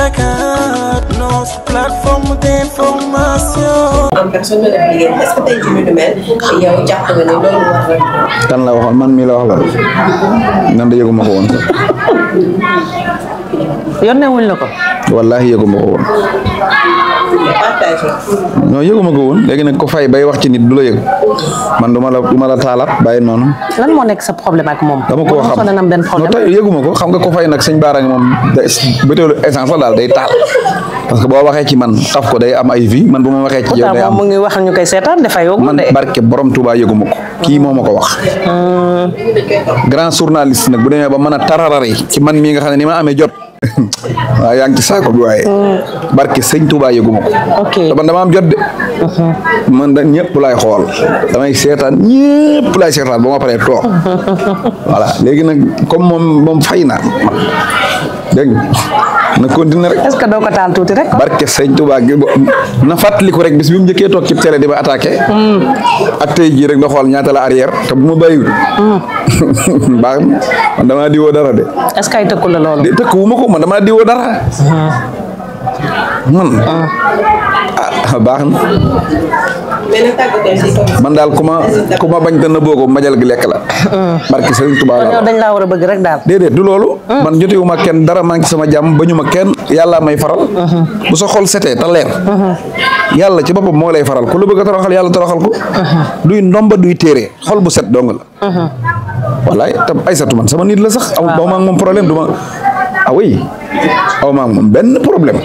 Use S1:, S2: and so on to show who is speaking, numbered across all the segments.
S1: Dakar, notre plateforme d'information. en personne madame Linguère est-ce que tey jii ñu mel yow jàpp wax nan da yëguma ko woon. yónneewuñ la ko. wallaahi yëguma ko non yëguma ko woon léegi nag ko fay bay wax ci du la yëg man du ma la du ma la taalaat bàyyi noonu. lan moo nekk sa problème ak moom. dama koo xam non tey yëguma ko xam nga ko fay nag sëñ Baara moom day bëteelu essence la daal day taal parce que boo waxee ci man xaf ko day am ay vie man bu ma waxee. ci yow day am mu ngi wax ñu koy seetaan dafay yóbbu man barke borom Touba yëguma ko kii o ma ko wax. Hmm. grand journaliste nag bu demee ba mën a tararari ci man mii nga xam ne ni ma amee jot. waaw yaa ci saako bi waaye. Mm. barke sëñ Touba yëguma ko. ok man dama jot de. Mm-hmm. man da ñëpp laay xool damay seetaan ñëpp laay seetaan ba ma paree toog. léegi nag comme moom moom fay na. dégg na continuer rek. est-ce que doo ko taal tuuti rek. barke sëñ Touba na fàttaliku rek bis bi mu njëkkee toog ci télé di ba attaqué. Hmm. ak tey jii rek na xool ñaata la arrière te bu ma bàyyiwul. Hmm. baax na man damaa diwoo dara de. est-ce que ay tëkku la loolu. de tëkku wu ma ko man damaa diwoo dara. Hmm. man. baax na man daal ku ma ku ma bañ te nëbboo ko majal gi lekk la barki Sëriñ Tuubaa la dañ laa war a bëgg rek daal déedéet du loolu ah. man jotewu ma kenn dara maa ngi sama jàmm ba ñu ma kenn yàlla may faral ah. bu sa xol setee ta leer ah. yàlla ci boppam moo lay faral ku la bëgg a toroxal yàlla toroxal ko duy ndomba duy téere xol bu set dong la wallaay tam Aysatu man sama nit la sax aw ma ak moom problème du ma ah oui moom benn problème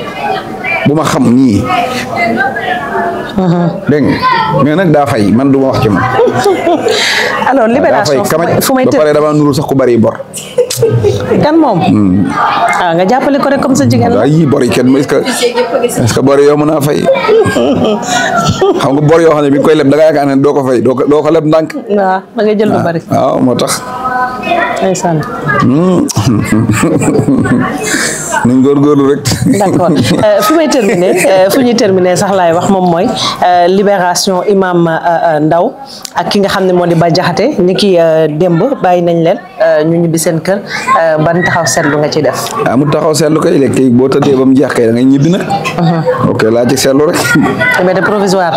S2: bu ma xam nii
S1: uh-huh. dégg nga mais nag daa fay man du ma wax ci man alors libération fu may ba pare damaa nuru sax ku bari bor kan moom hmm. ah nga jàppale ko rek comme sa jigéen la ay bor yi kenn est-ce que est-ce que mën a fay xam nga bor yoo xam ne bi nga koy leb da nga yaakaar ne doo ko fay doo ko doo ko leb ndànk waaw da ah, moo tax Hmm. nañ góorgóorlu rek. d'accord euh, fu may terminer euh, fu ñuy terminer sax laay wax moom mooy euh, libération imam ndaw ak ki nga xam ne moo di Bah Diakhaté ñi ki démb bàyyi nañ leen ñu ñibbi seen kër ban taxaw lu nga ci def. ah mu taxaw seetlu kay léegi kay boo tëddee ba mu jeex kay da ngay ñibbi nag. Mhm. ok laa ci seetlu rek. liberté eh provisoire.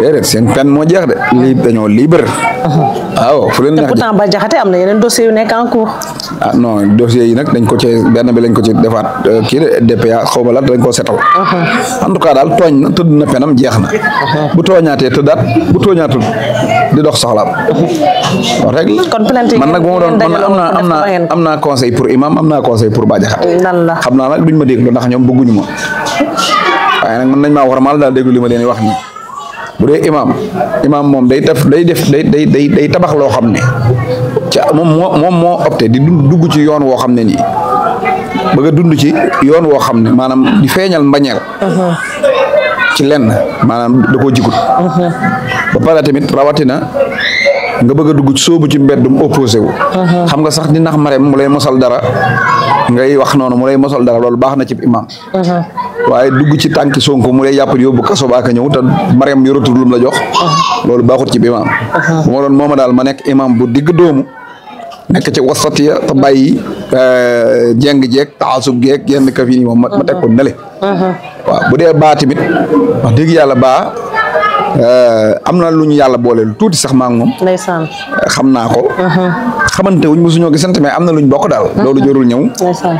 S1: déedéet seen peine moo jeex de. lii dañoo libre. Mhm. waaw fu leen am na yeneen dossier yu nekk en cours. ah non dossier yi nag dañ ko cee benn bi lañ ko ci defaat euh, kii DPA xaw ma la dañ koo setal uh-huh. en tout cas daal tooñ na tëdd na penam jeex na uh-huh. bu tooñaatee tëddaat bu tooñaatul di dox soxlaam uh-huh. rek la man nag bu ma doon am naa am naa am naa conseil pour imam am naa conseil pour bàjaxat xam naa nag duñ ma déglu ndax ñoom bëgguñu ma waaye nag mën nañ maa warmal daal déglu li ma leen wax nii bu dee imaam imaam moom day def day def day day day tabax loo xam ne ci moom moo moom moo opté di dugg ci yoon woo xam ne nii bëgg a dund ci yoon woo xam ne maanaam di feeñal mbañeel uh-huh. ci lenn maanaam da koo jigut uh-huh. ba pare tamit rawatina nga bëgg a dugg sóobu ci mbeddum opposé wu uh-huh. xam nga sax di nax mareem mu lay mosal dara ngay wax noonu mu lay mosal dara loolu baax na ci imam waaye dugg ci tànki sonko mu lay yàpp yóbbu kaso ba a ñëw te mareem yoratul lum la jox loolu baaxut ci imam bu ma doon mooma daal ma nekk imam bu digg doomu ma ca wasatiya te bàyyi euh, jeng jeeg taasub geeg yenn kafin yi moom ma teg ko nele uh-huh. waaw bu dee baa tamit wax dëgg yàlla baa euh, am na lu ñu yàlla boole tuuti sax maa ngi moom xam naa ko uh-huh. xamante wuñ mosuñoo gisante mais am na luñ bokk daal uh-huh. loolu jorul ñëw ndeysaan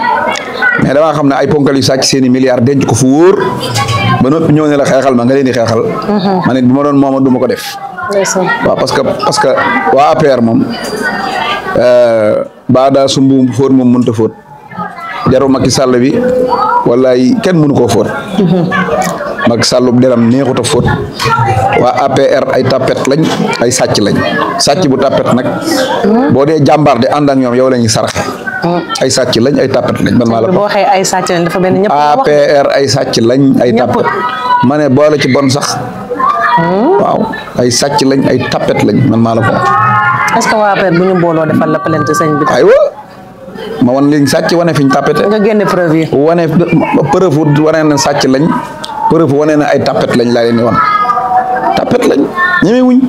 S1: mais damaa xam ne ay ponkal yu sàcc seen i milliards denc ko fu wóor ba noppi ñëw ne la xeexal ma nga leen di xeexal ma nit bu ma doon mooma du ma ko def parce que parce que waa moom Euh, baadaa su mbuum fóot moom mënut a fóot jaru Macky Sall bi wallaay kenn mënu koo fóot. Mhm. Macky Sall bu deram neexut a fóot waa APR ay tapet lañ ay sàcc lañ sàcc bu tapet nag mhm. boo dee jàmbaar de ànd ak yow la ñuy saraxe. Mhm. ay sàcc lañ ay tapet lañ man maa la. ay sàcc lañ dafa benn ñëpp ay sàcc lañ ay tapet ma ne boole ci bon sax. waaw ay sàcc lañ ay tapet lañ man maa ko. est que waa affaire bu ñu booloo defal la plainte sëñ bi. aywa ma wan liñ sàcc wane fi ñu tapete. nga génne preuve yi. wane preuve wane na sàcc lañ preuve wane na ay tapete lañ laa leen di wan tapete lañ ñeme wuñ.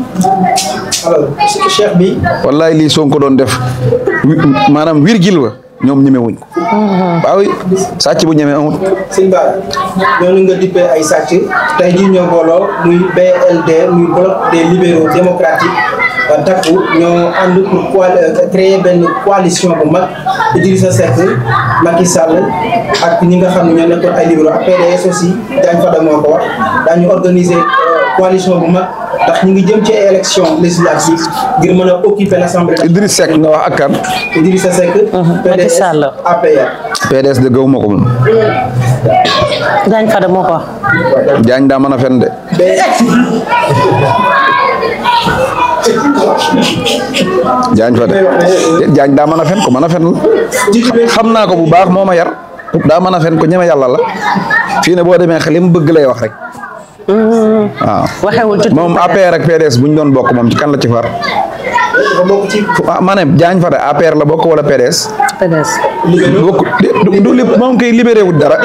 S1: alors cheikh bi. wallaay doon def maanaam virgule ba ñoom ñeme ko. Mhm. sàcc bu ñeme amut. sëñ Ba ñooñu nga dippee ay sàcc tey jii ñoo booloo muy BLD muy bloc des libéraux démocratiques. takku ñoo ànd pour euh, créer benn coalition bu mag Idrissa Seck i Sall ak ñi nga xam ne ñoo nekkoon ay libéraux ak PDS aussi daañu fa dem moo ko wax euh, coalition bu mag ndax ñu ngi jëm ci élection législative ngir mën a occuper l'assemblée. Idrissa Seck nga wax ak kan. Idrissa Seck. Mhm. Macky Sall PDS APR. PDS de gëwuma ko moom. Diagne Fada moo ko wax. Diagne daa mën a fen de. jaañ fa de jaañ daa mën a fen ko mën a xam naa ko bu baax moo ma yar daa mën a fen ko ñeme yàlla la fii ne boo demee xel li mu bëgg lay wax rek. waaw waxewul ci moom APR ak PDS bu ñu doon bokk moom ci kan la ci far. ah ma jaañ fa de la bokk wala PDS. PDS. du du moom kay libéré wut dara.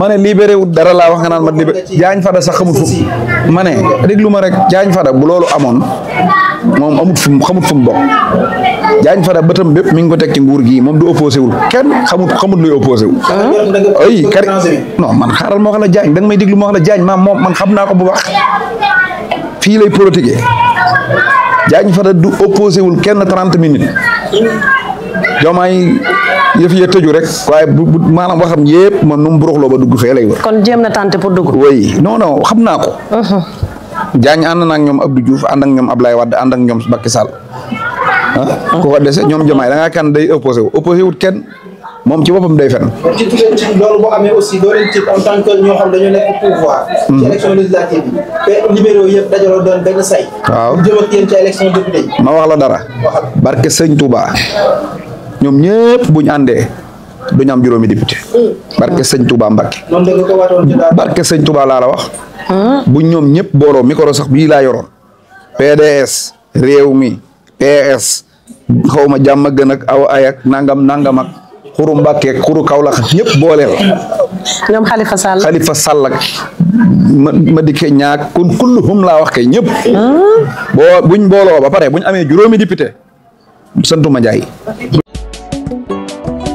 S1: ma ne wut dara laa wax nga naan ma libéré jaañ fa de sax xamut fu. ma ne déglu rek jaañ fa de loolu amoon. moom amut fu xamut fu mu bokk jaañ fada bëtam bépp mi ngi ko teg ci nguur gii moom du opposé wul kenn xamut xamut luy opposé wul ah. ay kari non man xaaral moo xam la jaañ da may déglu moo xam la jaañ maam moom man xam naa ko bu baax fii lay politique jaañ fada du opposé wul kenn trent minutes joomaay yëf ya rek waaye bu maanaam waxam yëpp man nu mu buruxloo ba dugg fee lay wër kon jéem na tànte pour dugg oui non xam naa ko Diagne ànd na ak ñoom Abdou Diouf ànd ak ñoom Ablaye Wade ànd ak ñoom Macky Sall ah ku ko dese ñoom Diomaye da ngaa kan day opposé wu opposé moom ci boppam day fen ci loolu ñoo xam dañu nekk pouvoir. ci hmm. élection législative bi. te libéraux yëpp ma wax la dara. barke Sëñ Touba ñoom ñëpp buñ ñu àndee. du ñu am juróomi député. Mm. barke sëñ Touba Mbacke. barke sëñ Touba laa wax. Mm. bu ñoom ñëpp booloo micro sax bii laa yoroon. PDS réew mi PS xaw ma jàmm gën ak ayak nangam nangam ak xuru Mbacke ak xuru Kaolack ñëpp booleel. ñoom Khalifa Sall Khalifa Sall ak ma ma dikkee ñaak kun laa wax kay ñëpp. Mm. boo buñ booloo ba pare buñ amee juróomi député santuma Ndiaye.